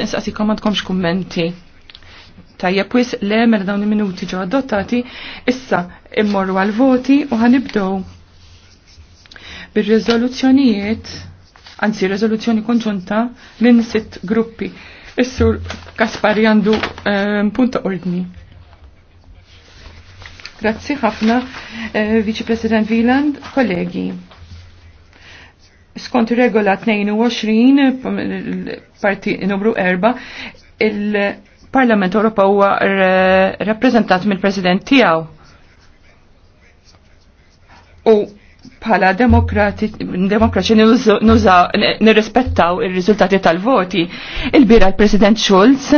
nix nisqasikom għandkomx kummenti. Tajja pwis le mela dawn il-minuti ġo adottati, issa immorru għal-voti u ħanibdow bir-rezoluzzjonijiet, anzi rezoluzzjoni konġunta minn sitt gruppi. Is-sur Kaspari għandu ehm, punta ordni. Grazzi ħafna, uh, eh, Viċi President Wieland, kollegi skont regola 22 parti numru 4 il-Parlament Ewropa huwa rappreżentat mill-President tiegħu. U pala demokraċi nirrispettaw il-rizultati tal-voti. Il-bira l-President Schulz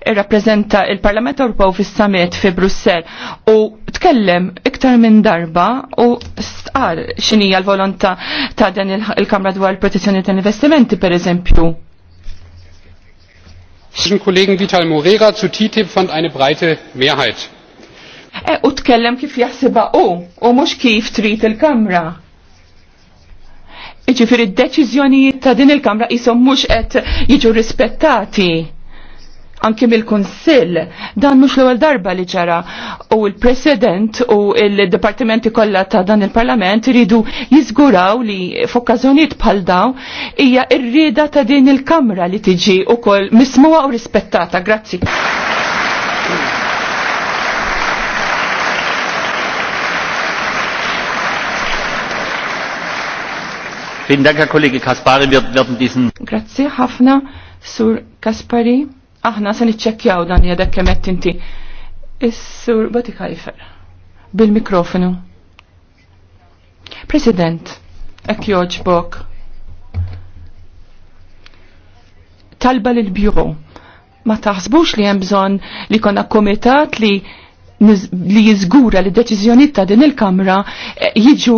rappresenta il-Parlament Ewropew fis-summit fi Brussel u tkellem iktar minn darba u stqar x'inhija l-volontà ta' dan il-Kamra dwar il-protezzjoni tal-investimenti per eżempju. Kollegen Vital Morera zu TTIP fand eine breite Mehrheit. E, u tkellem kif jaħsiba u, u mhux kif trid il-kamra. Iġifieri id deċiżjonijiet ta' din il-kamra qishom mhux qed jiġu rispettati anki mill-Kunsill dan mhux l-ewwel darba li ġara u l-President u l-Dipartimenti kollha ta' dan il-Parlament iridu jiżguraw li f'okkażjonijiet bħal daw hija r-rieda ta' din il-Kamra li tiġi wkoll mismuha u rispettata. Grazzi. Vielen Dank, Herr Kollege Kaspari. Wir werden diesen... Grazie, ħafna, Sur Kaspari. Aħna se niċċekkjaw dan jadek kemet inti. Is-Sur Batikajfer. Bil-mikrofonu. President, ek joġbok. Talba l-bjuro. Ma taħsbux li hemm bżonn li konna komitat li li jizgura li deċiżjonijiet ta' din il-Kamra eh, jiġu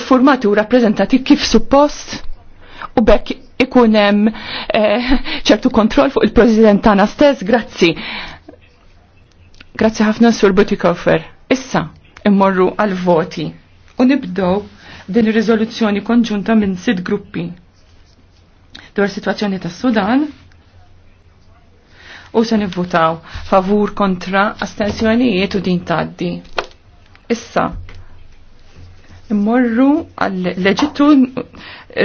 formati u rappreżentati kif suppost u bekk ikun hemm eh, ċertu kontroll fuq il-President tagħna stess, grazzi. Grazzi ħafna Sur Butikofer. Issa immorru għal voti u nibdow din ir-riżoluzzjoni konġunta minn sitt gruppi dwar situazzjoni tas-Sudan, u se nivvutaw favur kontra astensjonijiet u din taddi. Issa, immorru għall-leġittu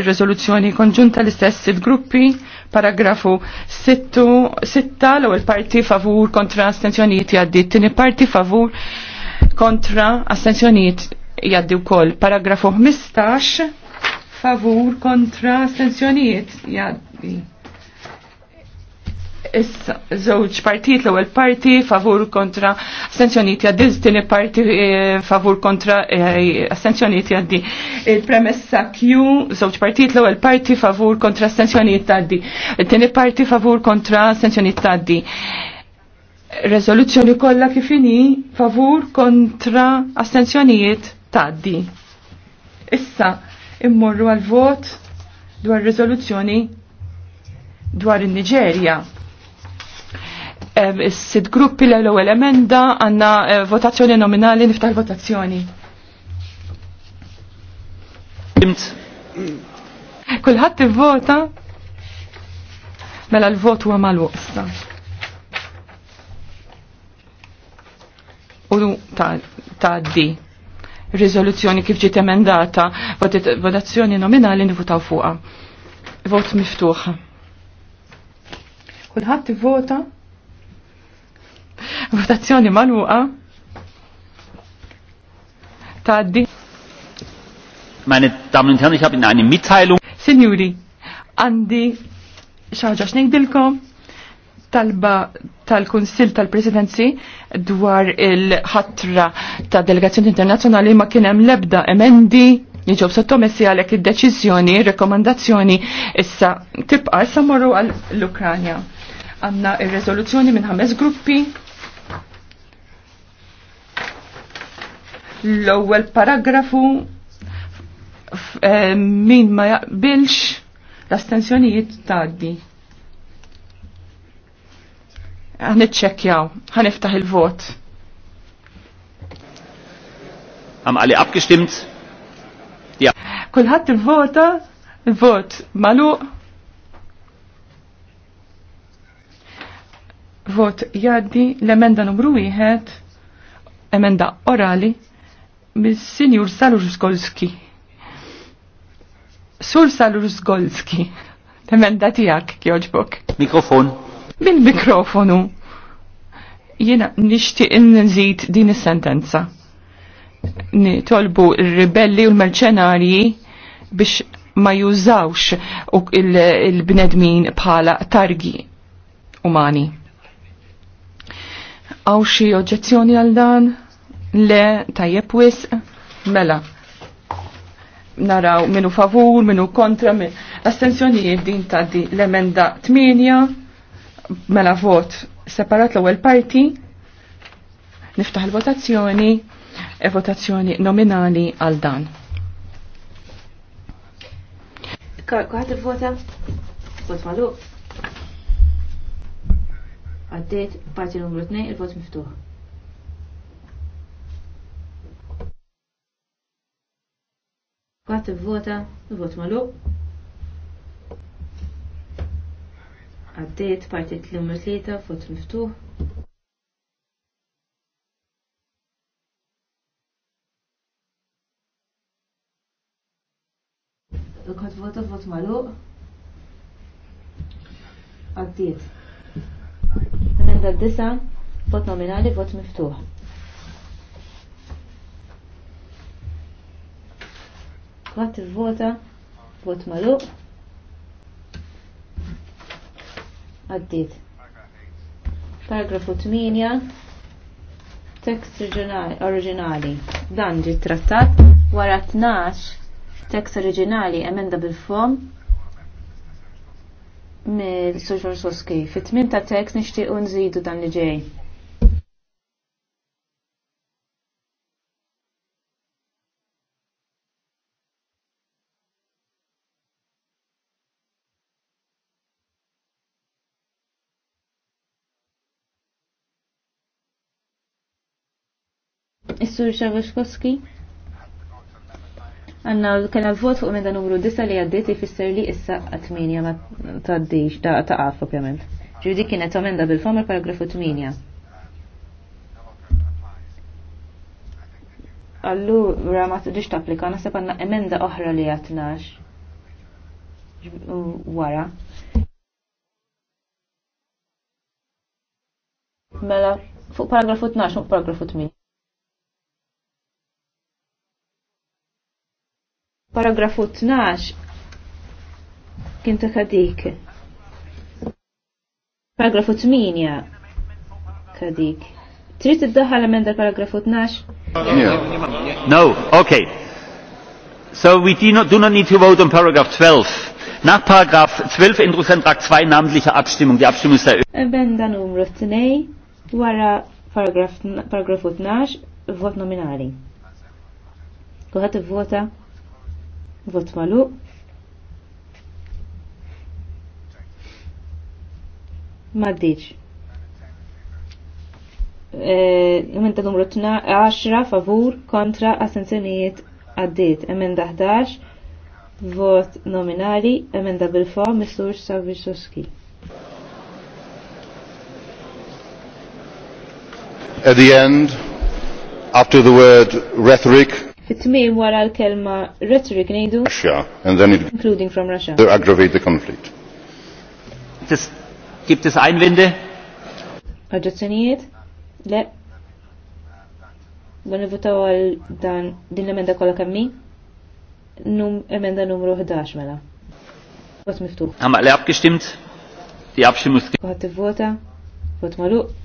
rezoluzzjoni konġunta l-istess il-gruppi, paragrafu 6 l-ewwel parti favur kontra astensjonijiet jaddi, tini parti favur kontra astensjonijiet jaddi wkoll. Paragrafu 15 favur kontra astensjonijiet jaddi issa żewġ partit l-ewwel parti favur kontra astenzjonijiet jgħaddi, tieni parti eh, favur kontra eh, astenzjonijiet jgħaddi. Il-premessa Q żewġ partit l-ewwel parti favur kontra astenzjonijiet tgħaddi. Tieni parti favur kontra astenzjonijiet tgħaddi. Rezoluzzjoni kollha kif inhi favur kontra astenzjonijiet tgħaddi. Issa immorru għal vot dwar riżoluzzjoni dwar in-Niġerja. Is-sid gruppi l-ewwel emenda għandna eh, votazzjoni nominali niftaħ votazzjoni. Kulħadd ivvota mela l-vot huwa mal issa. U ta' tgħaddi riżoluzzjoni kif ġiet emendata, votazzjoni nominali nivutaw fuqha. Vot miftuħ. Kulħadd ivvota Votazzjoni maluqa. Taddi. Meine Damen und Herren, ich habe Ihnen eine Mitteilung. Signori, għandi xaġa xnejdilkom talba tal-Kunsil tal-Presidenzi dwar il-ħatra ta' delegazzjoni internazzjonali ma kien hemm lebda emendi jiġob sottomessi għalek id-deċizjoni, rekomandazzjoni issa tibqa issa morru għall-Ukranja. Għanna il rezoluzzjoni minn ħames gruppi l-ewwel paragrafu eh, min ma jaqbilx l-astensjonijiet tgħaddi. Ħaniċċekkjaw, ħaniftaħ il-vot. Am alle abgestimmt? Ja. Kulħadd ivvota, il-vot magħluq. Vot jaddi l-emenda numru wieħed, emenda orali mis-Sinjur Salur Zgolski. Sur Salur Zgolski. Emenda tijak, kjoġbok. Mikrofon. Bil-mikrofonu. Jena nishti nżid din is-sentenza. Nitolbu il-ribelli u l-merċenarji biex ma jużawx il-bnedmin bħala targi umani. Għaw xi oġġezzjoni għal dan? Le, tajjeb wisq, mela. Naraw minu favur, minu kontra, min... astensjonijiet din ta' di l-emenda 8, mela vot separat l-ewwel parti, niftaħ il-votazzjoni, e votazzjoni nominali għal dan. Kwaħat il-vota? Vot malu. Għaddejt parti numru 2, il-vot miftuħ. Kwatt vota, vot malu. Għaddejt partit l-numru 3, vot miftuħ. Kwatt vota, vot malu. Għaddejt. Għaddiet disa vot nominali, vot miftuħ. Ħadd ivvota vot magħluq. Għaddit. Paragrafu 8 tekst oriġinali dan ġi trattat wara 12 tekst oriġinali emenda bil-fom mill-Social Soski. Fit-tmim ta' tekst nixtiequ nżidu dan li ġej. Is-Sur Xavaxkowski. Għanna kena vot fuq minn dan numru 9 li għaddit ifisser li issa għatminja 8 ma taddix ta' għaf ovvjament. Ġudi kienet omenda bil-fom il-paragrafu 8. Allu ra ma t-dix tapplika, nasib għanna emenda oħra li għatnax. Wara. Mela, fuq paragrafu 12, fuq paragrafu 8. Paragrafu 12 kien ta' kadik. Paragrafu 8 kadik. Trid iddaħħal emenda paragrafu 12? No, okay. So we do not, do not need to vote on paragraph 12. Nach Paragraf 12 Änderungsantrag 2 namentliche Abstimmung. Die Abstimmung ist eröffnet. Emenda numru 2 wara paragrafu 12 vot nominali. Kuħat vota? Vot malu. Maddiċ. Eh, emenda numru 10 favur kontra assenzjonijiet għaddit. Emenda 11 vot nominali. Emenda bil-fom Mr. Savisoski. At the end, after the word rhetoric, fit-tmim wara l-kelma rhetoric ngħidu Russia and then it including from Russia to aggravate the conflict. Tis gibt es Einwände? Oġġezzjonijiet? Le. Dan votaw għal dan din l-emenda kollha kemmi? Num emenda numru 11 mela. Vot miftuħ. Għamaq li abgestimmt? Die Abstimmung ist. Għat vota? Vot maluq?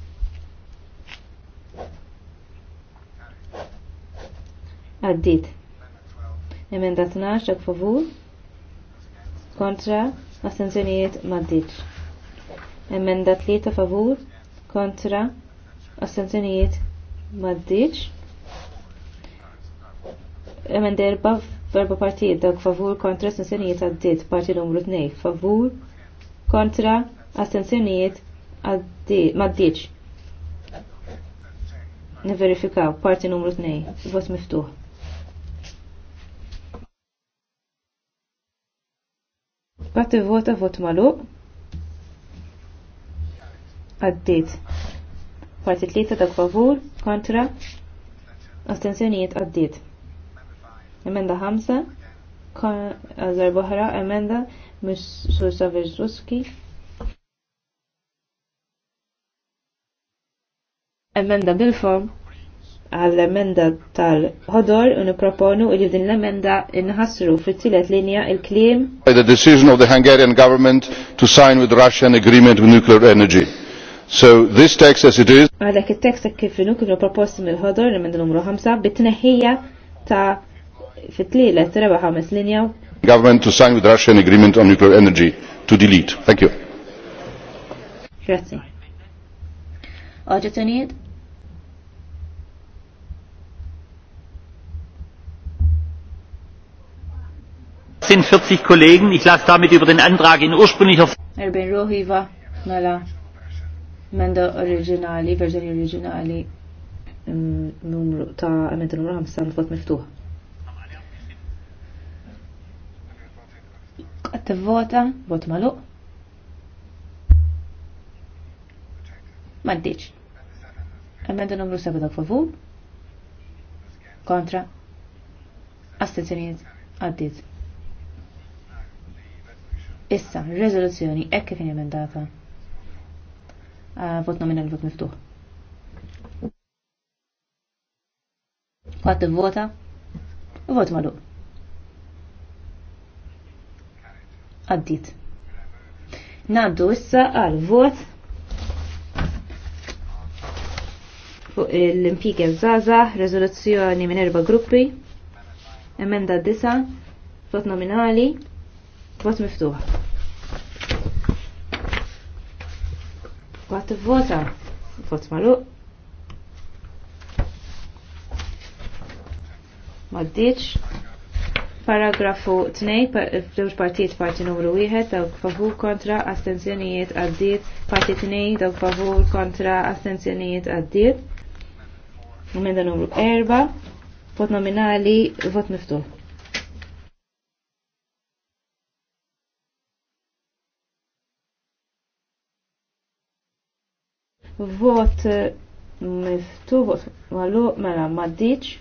Għaddit. Emenda 12 għak favur. Kontra. Astenzjonijiet maddit. Emenda 3 favur. Kontra. Astenzjonijiet maddit. Emenda 4 verba partijiet dak favur kontra astenzjonijiet għaddit. Parti numru 2 favur. Kontra. Astenzjonijiet maddiċ. Niverifikaw. Parti numru 2. Vot miftuħ. Bat vota vot malu. Għaddit. Parti tlieta dak favur, kontra, Astenzjonijiet għaddit. Emenda ħamsa, għazar boħra, emenda mis Sur Emenda bil-form, għall-emenda tal-ħodor u niproponu li din l-emenda inħassru fit-tielet linja il klim By the decision of the Hungarian government to sign with Russian agreement with nuclear energy. So this text as it is. Għalek il-text kif inu kif proposti mill-ħodor l-emenda numru 5 bit-tneħħija ta' fit-tlilet reba' ħames linja. Government to sign with Russian agreement on nuclear energy to delete. Thank you. Grazie. Oġġezzjonijiet? 46 Kollegen. Ich lasse damit über den Antrag in ursprünglicher Form. Mela, menda mm, numru ta' numru 5, miftuħ. vot maluq. numru 7 ta' favur. Kontra. Astenzjoniet għaddit rezoluzzjoni ekk kif emendata. Vot l vot miftuħ. Kwatt vota vot malu. Għaddit. Naddu issa għal vot fuq l-impjiegi zaza, rezoluzzjoni minn erba' gruppi, emenda disa, vot nominali, vot miftuħ. Bat vota. Vot malu. Maddiċ. Paragrafu 2, fl-ewwel partijiet parti numru 1, dawk favur kontra astenzjonijiet għaddiet, parti 2, dawk favur kontra astenzjonijiet għaddiet. Emenda numru 4, vot nominali, vot miftuħ. vot eh, miftu, vot malu, mela maddiċ.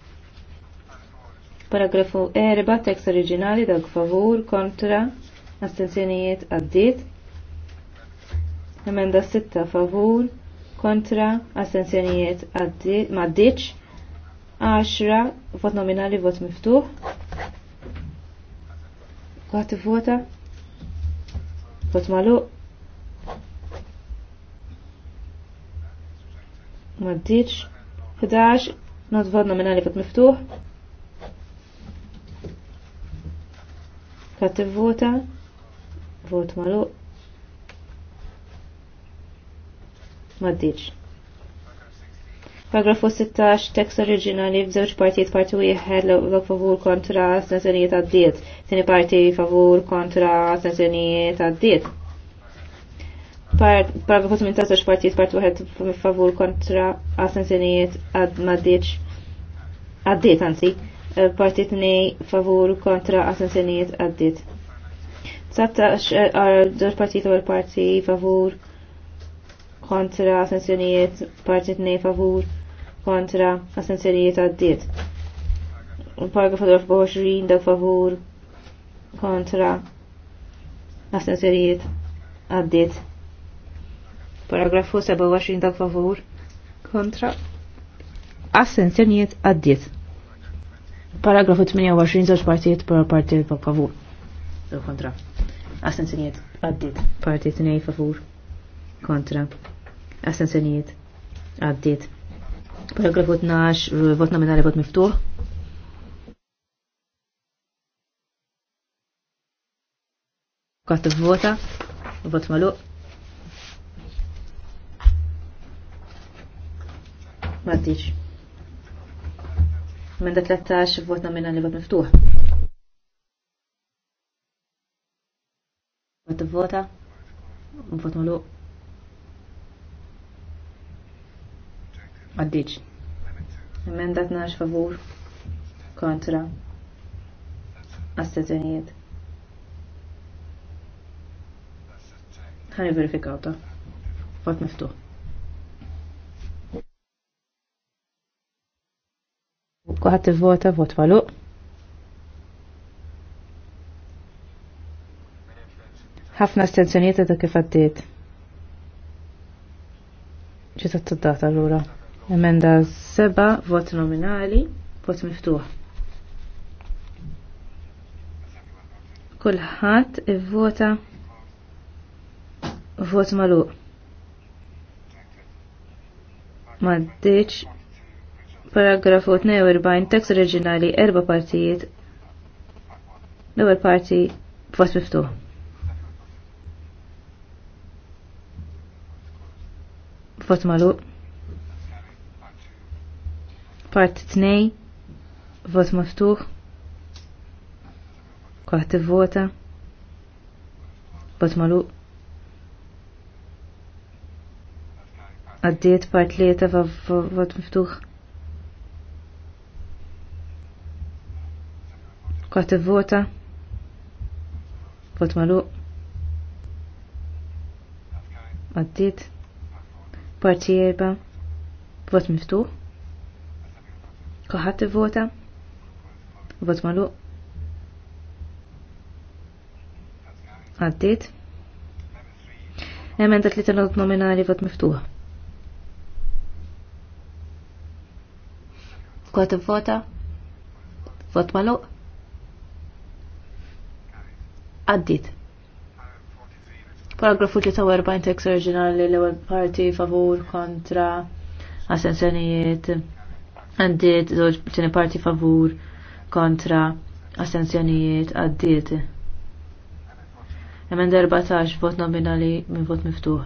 Paragrafu erba' tekst oriġinali dak favur kontra astenzjonijiet addit. Emenda sitta favur kontra astenzjonijiet addit, maddiċ. Aċra, vot nominali vot miftu. Għati vota. Vot malu, Maddiċ. 11. Not vot nominali vot miftuħ. Kat vota. Vot malu. Maddiċ. Paragrafu 16, tekst oriġinali f'żewġ partijiet parti wieħed l favur kontra astensjonijiet għaddiet, tieni parti favur kontra astensjonijiet għaddiet. Paragrafu tasax partijiet part wieħed favur kontra assenzjonijiet għad maddiċ għaddiet għansi uh, partijiet nej favur kontra assenzjonijiet għaddiet. 19 għal uh, dur partijiet u għal parti favur kontra assenzjonijiet partijiet nej favur kontra assenzjonijiet għaddiet. Paragrafu 24 dak favur kontra assenzjonijiet għaddiet. Paragrafu 27 dak favur kontra assenzjonijiet għaddiet. Paragrafu 28 zaċ partijiet per partijiet pa' favur. Jew kontra. Assenzjonijiet għaddiet. Partijiet nej favur kontra. Assenzjonijiet għaddiet. Paragrafu 12 vot nominali vot miftuħ. Kattu vota, vot maluq. Maddiċ. Menda 13 vot li vot miftuħ. Vot vota. Vot malu. Maddiċ. Menda 12 favur. Kontra. Astenzjonijiet. Ħani verifikaw ta' vot miftuħ. Kuħat t-vota, vot maluq. ħafna stenzjonijiet ta' kif għaddiet. Ġiet t-data l-ura. Emenda seba, vot nominali, vot miftuħ. Kulħadd ivvota vot maluq. Ma ddiċ Paragrafu 42 tekst oriġinali erba partijiet. L-ewwel parti fost miftuħ. Vot magħluq. Parti 2 vot miftuħ. Kwaħt ivvota. Vot magħluq. Għaddiet part 3 vot miftuħ. Kot vota Vot malu. Għaddit. Parti erba. Vot miftu. Kohat vota Vot maluq. Għaddit. Emenda 3 not nominali vot miftu. Kot vota Vot malu. Għaddit. Paragrafu 43 tekst oriġinali l-ewwel parti favur kontra assenzjonijiet. Għaddit żewġ tieni parti favur kontra assenzjonijiet għaddiet. Emen 14 vot nominali minn vot miftuħ.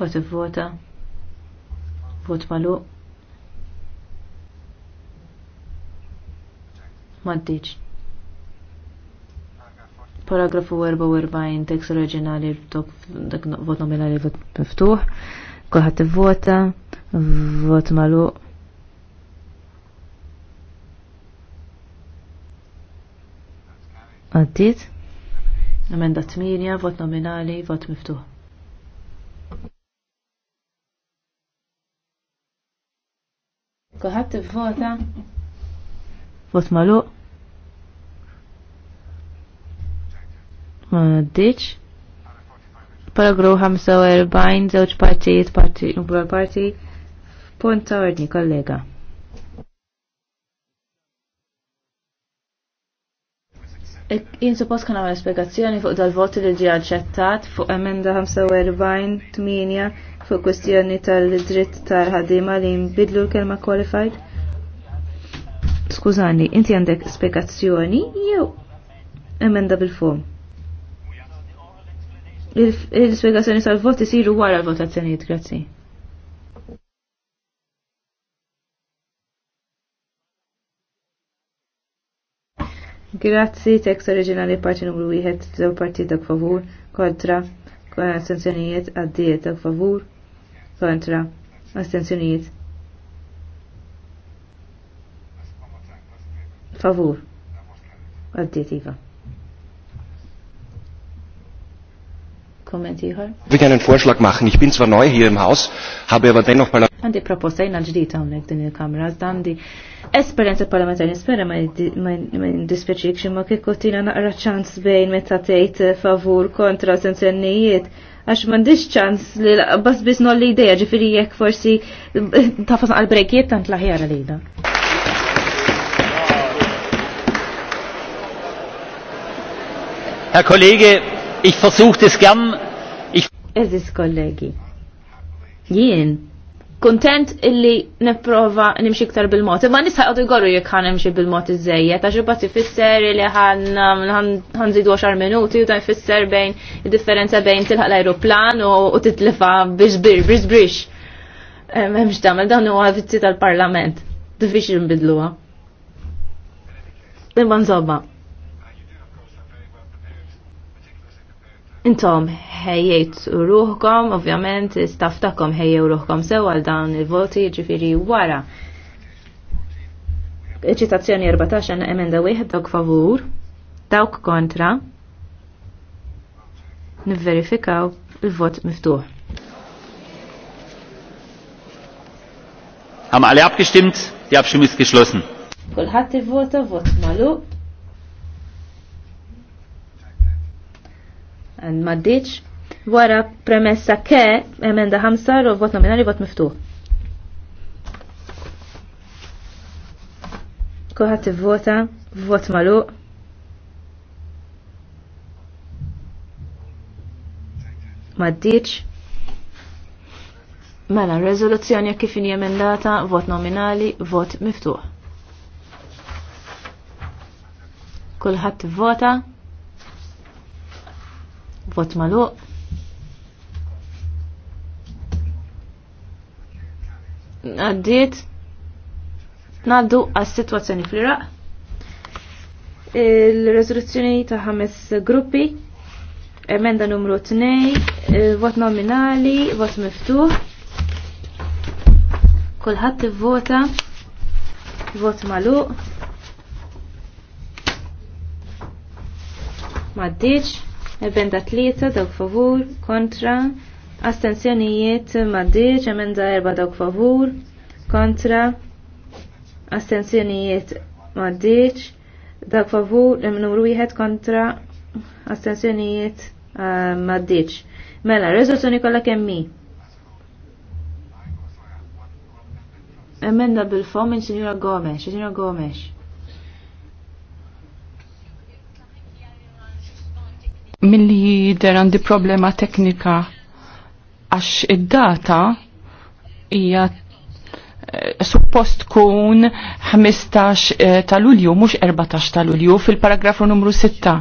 Kote vota vot malu. Maddiċ. Paragrafu 44 tekst oriġinali dak vot nominali vot miftuħ. Kulħadd ivvota, vot magħluq. Għaddit? Emenda 8, vot nominali, vot miftuħ. Kulħadd vota Vot magħluq. ma ditx. Paragraf 45, zewġ partijiet, parti, numru parti, punt ordni, kollega. Jien suppost kan għamil spiegazzjoni fuq dal-voti li ġi għalċettat fuq emenda 45-8 fuq kwestjoni tal-dritt tal-ħadima li jimbidlu l-kelma qualified. Skużani, inti għandek spiegazzjoni jew emenda bil-fum? il-spiegazzjoni tal-vot isiru wara l-votazzjonijiet, grazzi. Grazzi, tekst oriġinali parti numru 1, żew parti dak favur, kontra, astenzjonijiet, għaddiet dak favur, kontra, astenzjonijiet. Favur, għaddiet iva. Komment Wir können Vorschlag machen. Ich bin zwar neu hier im Haus, habe aber dennoch Għandi proposta jina ġdita hawnhekk din il-kamra, għandi Esperienza parlamentari nispera ma ndispjaċik ma kieku tina naqra ċans bejn meta tgħid favur kontra sensennijiet għax mandiċ ċans li bas bis nolli ideja ġifiri jek forsi tafas għal-brekiet tant laħjara li da. Herr Kollege, Ich versuch das gern. Ich Eżis kollegi. Jien. Kontent illi neprova nimxi ktar bil-mod. Ma nisħaq għadu għorru jek ħan nimxie bil-mod iżejja. Ta' ġibba fisser illi għan um, zidu 10 minuti u ta' jfisser bejn differenza bejn tilħaq l-aeroplan u titlifa biżbir, biżbrix. Memx tamel dan huwa vizzi tal-parlament. Difiċi nbidluwa. Imma zobba. Intom ħejjejt ruħkom, ovvjament, staff tagħkom ħejjew ruħkom sew għal dawn il-voti ġifiri wara. Ċitazzjoni 14 emenda wieħed dawk favur, dawk kontra. Nivverifikaw il-vot miftuħ. Haben alle abgestimmt? Die Abstimmung ist Kolħat Kulħadd ivvota vot magħluq. maddiċ. Wara premessa ke emenda ħamsa u vot nominali vot miftuħ. Kuħat vota vot malu. Maddiċ. Mela, rezoluzzjoni kif inhi emendata, vot nominali, vot miftuħ. Kulħadd vota. Vot maluq. Għaddiet. Naddu għas-sitwazzjoni fl-Iraq. Il-rezoluzzjoni ta' ħames gruppi. Emenda numru 2, vot nominali, vot miftuħ. Kulħadd ivvota. Vot maluq. Maddiċ emenda tlieta dawk favur kontra astenzjonijiet maddiċ emenda erba dawk favur kontra astenzjonijiet maddiċ dawk favur emnuru wieħed kontra astenzjonijiet uh, eh, maddiċ mela rezoluzzjoni kollha kemm emenda bil-fom minn Sinjura Gomes, Sinjura Gomes. milli jider għandi problema teknika għax id-data hija eh, suppost kun 15 eh, ta' Lulju mhux 14 ta' Lulju fil-paragrafu numru 6.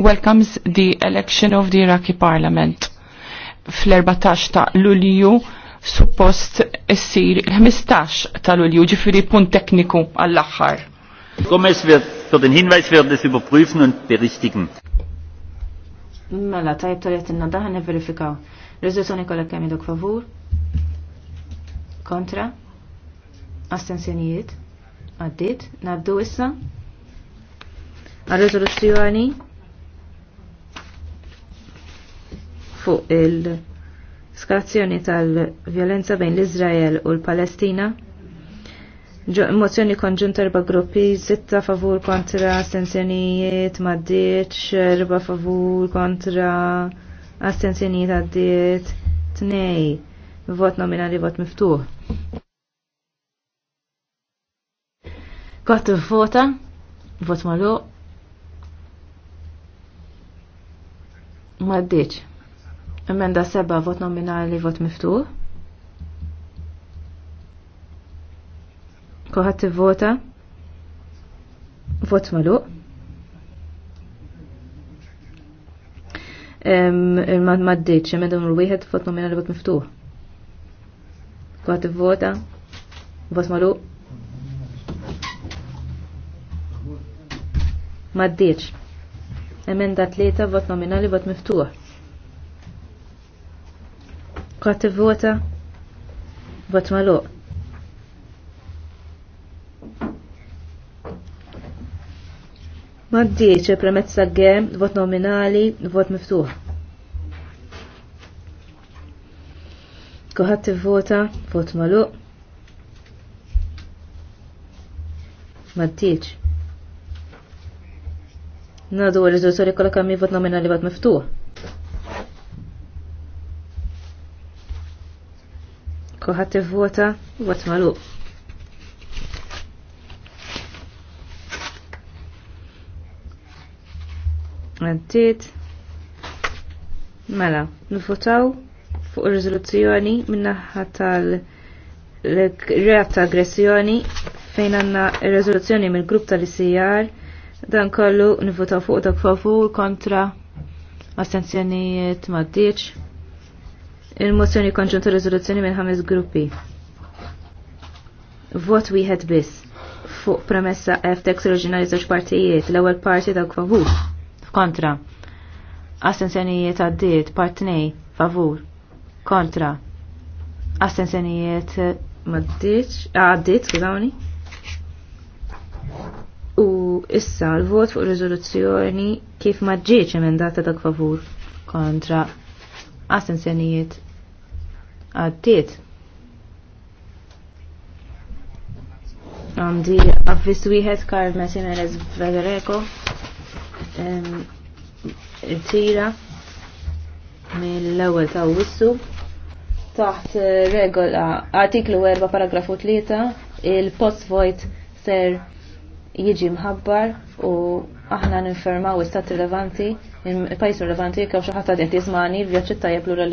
Welcomes the election of the Iraqi Parliament. Fl-14 ta' Lulju suppost issir il-15 ta' Lulju ġifiri punt tekniku għall-aħħar Gomez wird für den Hinweis werden es überprüfen und berichtigen. Mela, tajb tajt inna daħan verifikaw. Rezoluzzjoni kollha kemm idok favur? Kontra? Astensjonijiet? Għaddit? Naddu issa? Għal-rezoluzzjoni fuq il-skalazzjoni tal violenza bejn l-Izrael u l-Palestina? mozzjoni konġunta erba' gruppi, sitta favur kontra astenzjonijiet maddiet, xerba favur kontra astenzjonijiet għaddiet, tnej, vot nominali, vot miftuħ. Kottu vota, vot malu, maddiet, Emenda seba, vot nominali, vot miftuħ. kohat t-vota? Vot malu Il-mad maddiċ, l-wihet, vot nominali, vot miftuħ. kohat t-vota? Vot maluq. Maddiċ. Emenda leta vot nominali, vot miftuħ. kohat t-vota? Vot maluq. Maddiċ il-premezza G, vot nominali, vot miftuħ. Kuħat t-vota, vot maluq. Maddiċ. Nadu il-rizoluzzjoni kollha kemm vot nominali vot miftuħ. Kuħat t-vota, vot maluq. għantiet Mela, nifutaw fuq ir-riżoluzzjoni minnaħħa tal-reat ta' aggressjoni fejn għanna il riżoluzzjoni mill-grupp tal-ICR dan kollu nifutaw fuq dak favur kontra astenzjonijiet maddiċ. Il-mozzjoni konġunta riżoluzzjoni minn ħames gruppi. Vot wieħed biss fuq premessa F text żewġ partijiet, l-ewwel parti dak favur kontra. Assenzjonijiet għaddiet partnej, favur kontra. Assenzjonijiet eh, maddiċ għaddiet skużawni. U issa l-vot fuq riżoluzzjoni kif maġġieċ emendata dak favur kontra Assenzjonijiet għaddiet. Għandi avvis wieħed Karl Messimeres Vedereko tira mill-ewwel ta' wissu taħt eh, regola artiklu 4 paragrafu 3 il-post void ser jiġi mħabbar u aħna ninfermaw istat rilevanti, il-pajis rilevanti kew xi ħadd qed jismani l-vjaġġi